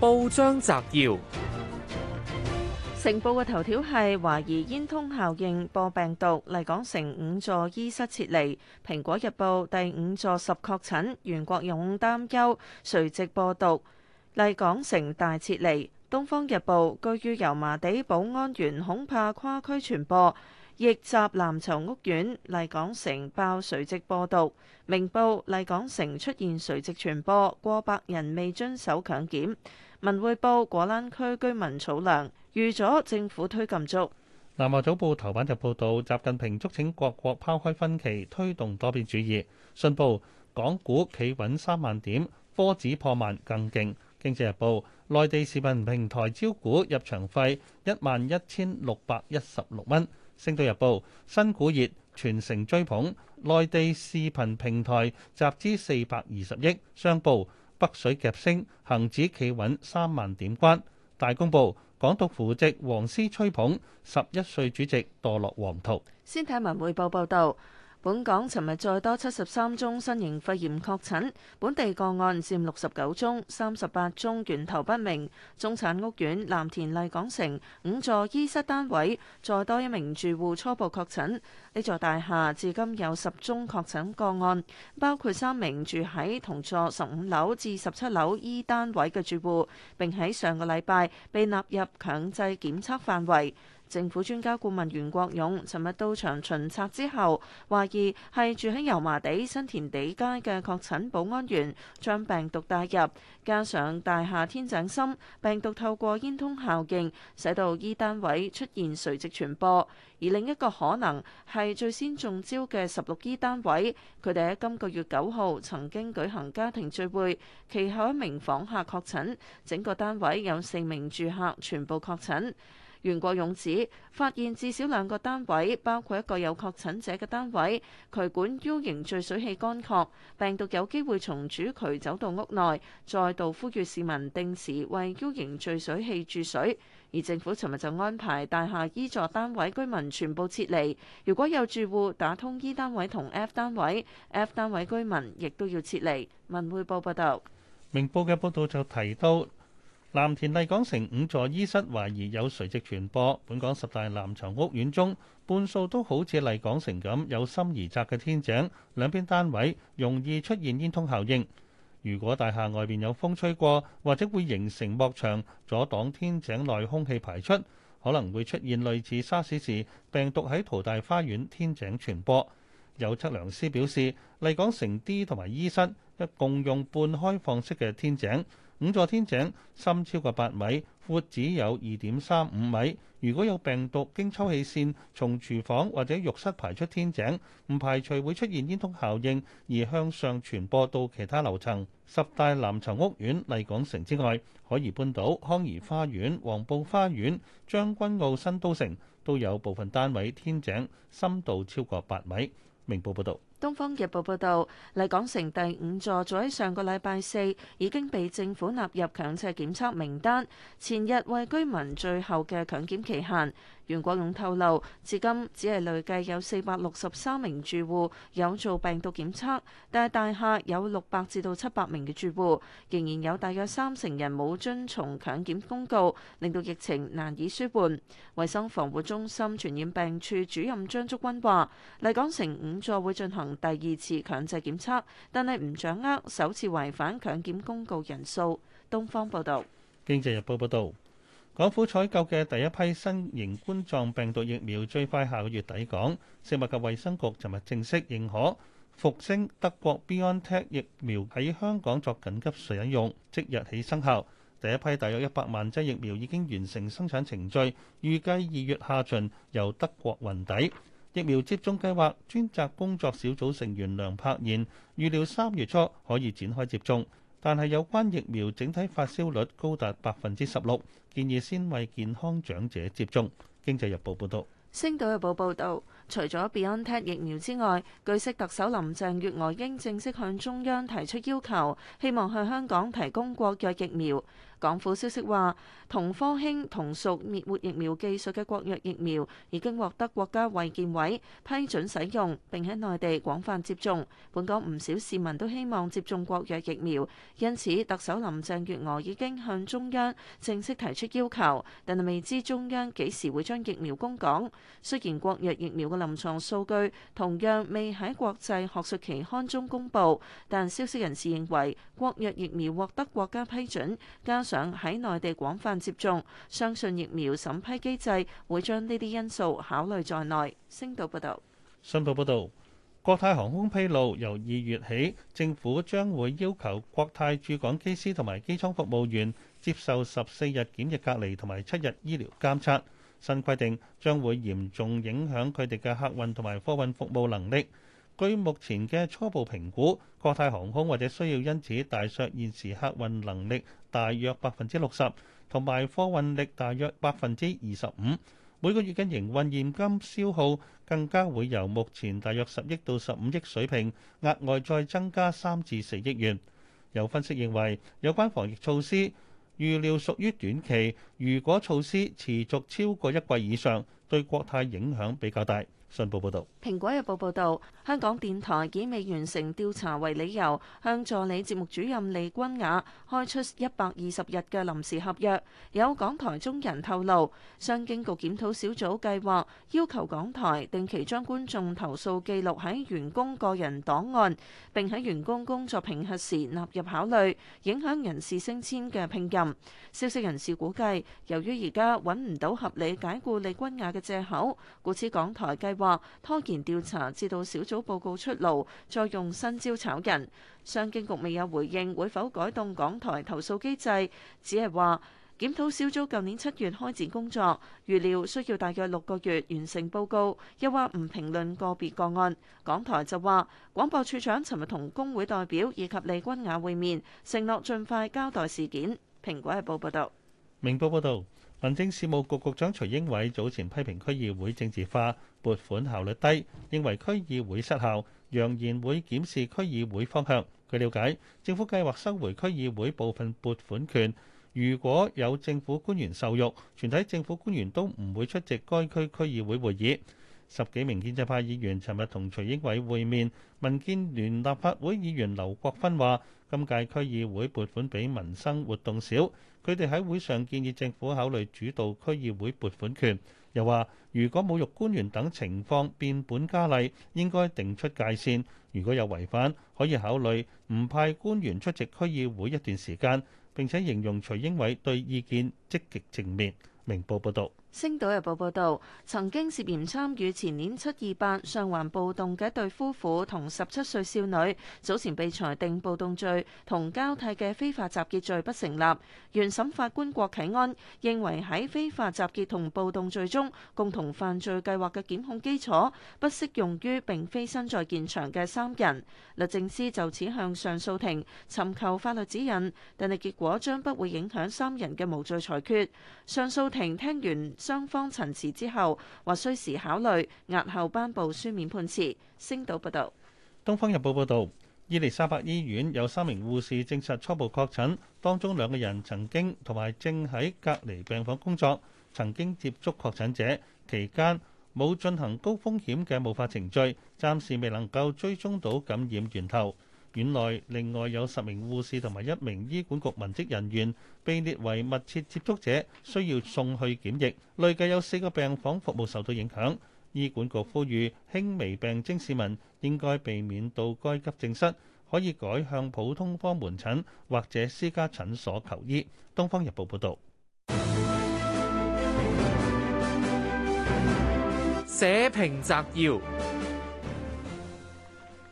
報章摘要：成報嘅頭條係懷疑煙通效應播病毒，麗港城五座醫室撤離。蘋果日報第五座十確診，袁國勇擔憂垂直播毒。麗港城大撤離。東方日報居於油麻地保安員恐怕跨區傳播，疫襲藍籌屋苑。麗港城爆垂直播毒。明報麗港城出現垂直傳播，過百人未遵守強檢。文匯報：果欄區居民儲糧預咗政府推禁足。南華早報頭版就報道，習近平促請各國拋開分歧，推動多邊主義。信報：港股企穩三萬點，科指破萬更勁。經濟日報：內地視頻平台招股入場費一萬一千六百一十六蚊。星島日報：新股熱，全城追捧，內地視頻平台集資四百二十億。商報北水夾升恒指企穩三萬點關。大公報：港獨扶植，黃絲吹捧，十一歲主席墮落黃途。先睇文匯報報道。本港尋日再多七十三宗新型肺炎確診，本地個案佔六十九宗，三十八宗源頭不明。中產屋苑藍田麗港城五座醫室單位再多一名住戶初步確診，呢座大廈至今有十宗確診個案，包括三名住喺同座十五樓至十七樓醫單位嘅住戶，並喺上個禮拜被納入強制檢測範圍。政府專家顧問袁國勇尋日到場巡查之後，懷疑係住喺油麻地新填地街嘅確診保安員將病毒帶入，加上大廈天井深，病毒透過煙囪效應，使到 E 單位出現垂直傳播。而另一個可能係最先中招嘅十六 E 單位，佢哋喺今個月九號曾經舉行家庭聚會，其後一名訪客確診，整個單位有四名住客全部確診。袁國勇指，發現至少兩個單位，包括一個有確診者嘅單位，渠管 U 型聚水器乾涸，病毒有機會從主渠走到屋內。再度呼籲市民定時為 U 型聚水器注水。而政府尋日就安排大廈 E 座單位居民全部撤離，如果有住戶打通 E 單位同 F 單位，F 單位居民亦都要撤離。文匯報報道。《明報》嘅報導就提到。藍田麗港城五座 E 室懷疑有垂直傳播，本港十大藍籌屋苑中，半數都好似麗港城咁，有深而窄嘅天井，兩邊單位容易出現煙通效應。如果大廈外邊有風吹過，或者會形成幕牆阻擋天井內空氣排出，可能會出現類似沙士時病毒喺淘大花園天井傳播。有測量師表示，麗港城 D 同埋 E 室一共用半開放式嘅天井。五座天井深超過八米，闊只有二點三五米。如果有病毒經抽氣線從廚房或者浴室排出天井，唔排除會出現煙囪效應而向上傳播到其他樓層。十大藍籌屋苑麗港城之外，海怡半島、康怡花園、黃埔花園、將軍澳新都城都有部分單位天井深度超過八米。明報報道。《東方日報》報導，麗港城第五座早喺上個禮拜四已經被政府納入強制檢測名單，前日為居民最後嘅強檢期限。袁國勇透露，至今只係累計有四百六十三名住戶有做病毒檢測，但係大廈有六百至到七百名嘅住戶，仍然有大約三成人冇遵從強檢公告，令到疫情難以舒緩。衞生防護中心傳染病處主任張竹君話，麗港城五座會進行第二次強制檢測，但係唔掌握首次違反強檢公告人數。東方報道，經濟日報報道。港府採購嘅第一批新型冠狀病毒疫苗最快下個月抵港。食物及衛生局尋日正式認可復星德國 BioNTech 疫苗喺香港作緊急使用，即日起生效。第一批大約一百萬劑疫苗已經完成生產程序，預計二月下旬由德國運抵。疫苗接種計劃專責工作小組成員梁柏賢預料三月初可以展開接種。但係有關疫苗整體發燒率高達百分之十六，建議先為健康長者接種。經濟日報報導，星島日報報道，除咗 BioNTech 疫苗之外，據悉特首林鄭月娥應正式向中央提出要求，希望向香港提供國藥疫苗。港府消息話，同科興同屬滅活疫苗技術嘅國藥疫苗已經獲得國家衛健委批准使用，並喺內地廣泛接種。本港唔少市民都希望接種國藥疫苗，因此特首林鄭月娥已經向中央正式提出要求，但係未知中央幾時會將疫苗供港。雖然國藥疫苗嘅臨牀數據同樣未喺國際學術期刊中公佈，但消息人士認為國藥疫苗獲得國家批准加。想喺內地廣泛接種，相信疫苗審批機制會將呢啲因素考慮在內。星島報道，新報報道，國泰航空披露，由二月起，政府將會要求國泰駐港機師同埋機艙服務員接受十四日檢疫隔離同埋七日醫療監測。新規定將會嚴重影響佢哋嘅客運同埋貨運服務能力。據目前嘅初步評估，國泰航空或者需要因此大削現時客運能力。大約百分之六十，同埋貨運力大約百分之二十五。每個月嘅營運現金消耗更加會由目前大約十億到十五億水平，額外再增加三至四億元。有分析認為，有關防疫措施預料屬於短期，如果措施持續超過一季以上，對國泰影響比較大。信報報導，《蘋果日報》報道：香港電台以未完成調查為理由，向助理節目主任利君雅開出一百二十日嘅臨時合約。有港台中人透露，商經局檢討小組計劃要求港台定期將觀眾投訴記錄喺員工個人檔案，並喺員工工作評核時納入考慮，影響人事升遷嘅聘任。消息人士估計，由於而家揾唔到合理解雇利君雅嘅借口，故此港台計。話拖延調查至到小組報告出爐，再用新招炒人。商經局未有回應會否改動港台投訴機制，只係話檢討小組舊年七月開展工作，預料需要大約六個月完成報告，又話唔評論個別個案。港台就話廣播處長尋日同工會代表以及利君雅會面，承諾盡快交代事件。蘋果日報報道。明報報道。民政事務局局長徐英偉早前批評區議會政治化、撥款效率低，認為區議會失效，揚言會檢視區議會方向。據了解，政府計劃收回區議會部分撥款權，如果有政府官員受辱，全體政府官員都唔會出席該區區議會會議。十幾名建制派議員尋日同徐英偉會面，民建聯立法會議員劉國勳話：今屆區議會撥款比民生活動少，佢哋喺會上建議政府考慮主導區議會撥款權。又話如果侮辱官員等情況變本加厲，應該定出界線。如果有違反，可以考慮唔派官員出席區議會一段時間。並且形容徐英偉對意見積極正面。明報報道。星島日報報道，曾經涉嫌參與前年七二八上環暴動嘅一對夫婦同十七歲少女，早前被裁定暴動罪同交替嘅非法集結罪不成立。原審法官郭啟安認為喺非法集結同暴動罪中，共同犯罪計劃嘅檢控基礎不適用於並非身在現場嘅三人。律政司就此向上訴庭尋求法律指引，但係結果將不會影響三人嘅無罪裁決。上訴庭聽完。雙方陳詞之後，或需時考慮押後頒布書面判詞。星島報道，《東方日報》報道，伊利沙伯醫院有三名護士證實初步確診，當中兩個人曾經同埋正喺隔離病房工作，曾經接觸確診者期間，冇進行高風險嘅霧化程序，暫時未能夠追蹤到感染源頭。院內另外有十名護士同埋一名醫管局文職人員被列為密切接觸者，需要送去檢疫。累計有四個病房服務受到影響。醫管局呼籲輕微病徵市民應該避免到該急症室，可以改向普通科門診或者私家診所求醫。東方日報報道。社評摘要。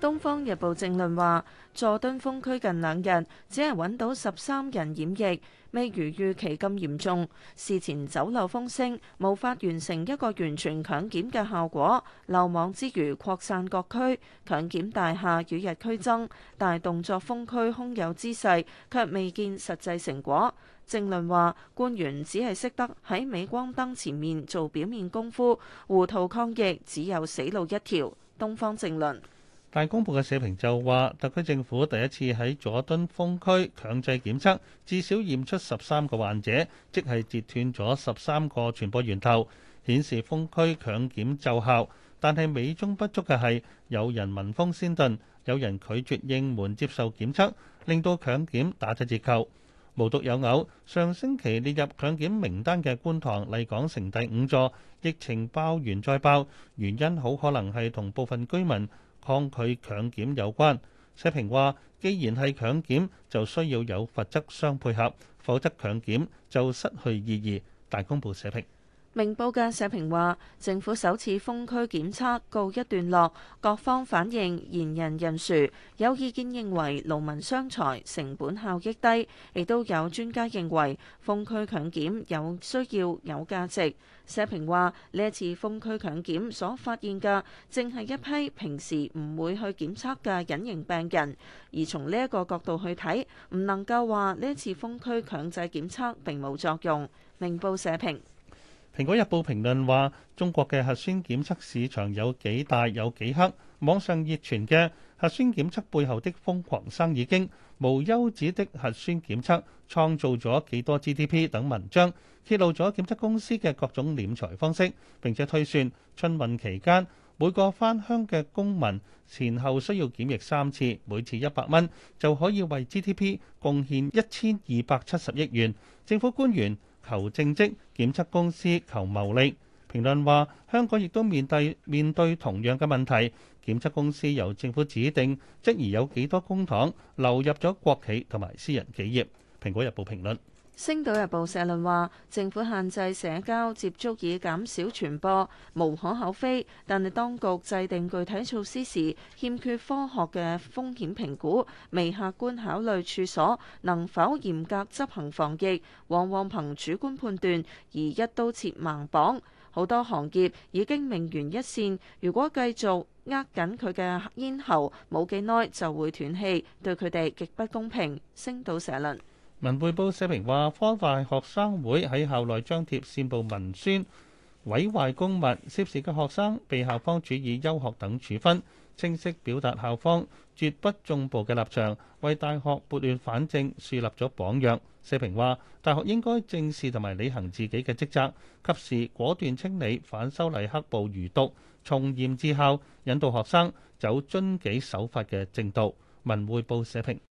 《東方日報正論》政論話，佐敦封區近兩日只係揾到十三人染疫，未如預期咁嚴重。事前走漏風聲，無法完成一個完全強檢嘅效果，漏網之餘擴散各區強檢大廈與日俱增，大動作封區空有姿勢，卻未見實際成果。正論話，官員只係識得喺鎂光燈前面做表面功夫，糊塗抗疫只有死路一條。東方正論。大公報嘅社評就話，特區政府第一次喺佐敦封區強制檢測，至少驗出十三個患者，即係截斷咗十三個傳播源頭，顯示封區強檢奏效。但係美中不足嘅係，有人聞風先遁，有人拒絕應門接受檢測，令到強檢打咗折扣。無獨有偶，上星期列入強檢名單嘅觀塘麗港城第五座疫情爆完再爆，原因好可能係同部分居民抗拒強檢有關。社評話：既然係強檢，就需要有罰則相配合，否則強檢就失去意義。大公報社評。明報嘅社評話，政府首次封區檢測告一段落，各方反應言人人殊。有意見認為勞民傷財，成本效益低，亦都有專家認為封區強檢有需要，有價值。社評話呢一次封區強檢所發現嘅，淨係一批平時唔會去檢測嘅隱形病人，而從呢一個角度去睇，唔能夠話呢一次封區強制檢測並冇作用。明報社評。《蘋果日報》評論話：中國嘅核酸檢測市場有幾大有幾黑。網上熱傳嘅核酸檢測背後的瘋狂生意經、無休止的核酸檢測創造咗幾多 GDP 等文章，揭露咗檢測公司嘅各種斂財方式，並且推算春運期間每個返鄉嘅公民前後需要檢疫三次，每次一百蚊，就可以為 GDP 貢獻一千二百七十億元。政府官員求政績，檢測公司求牟利，評論話香港亦都面對面對同樣嘅問題，檢測公司由政府指定，質疑有幾多公帑流入咗國企同埋私人企業，《蘋果日報評論》評論。星島日報社論話：政府限制社交接觸以減少傳播無可厚非，但係當局制定具體措施時欠缺科學嘅風險評估，未客觀考慮處所能否嚴格執行防疫，往往憑主觀判斷而一刀切盲綁。好多行業已經命懸一線，如果繼續扼緊佢嘅咽喉，冇幾耐就會斷氣，對佢哋極不公平。星島社論。文匯報社評話：科大學生會喺校內張貼煽暴文宣，毀壞公物，涉事嘅學生被校方處以休學等處分，清晰表達校方絕不縱暴嘅立場，為大學撥亂反正樹立咗榜樣。社評話：大學應該正視同埋履行自己嘅職責，及時果斷清理反修例黑暴餘毒，從嚴治校，引導學生走遵紀守法嘅正道。文匯報社評。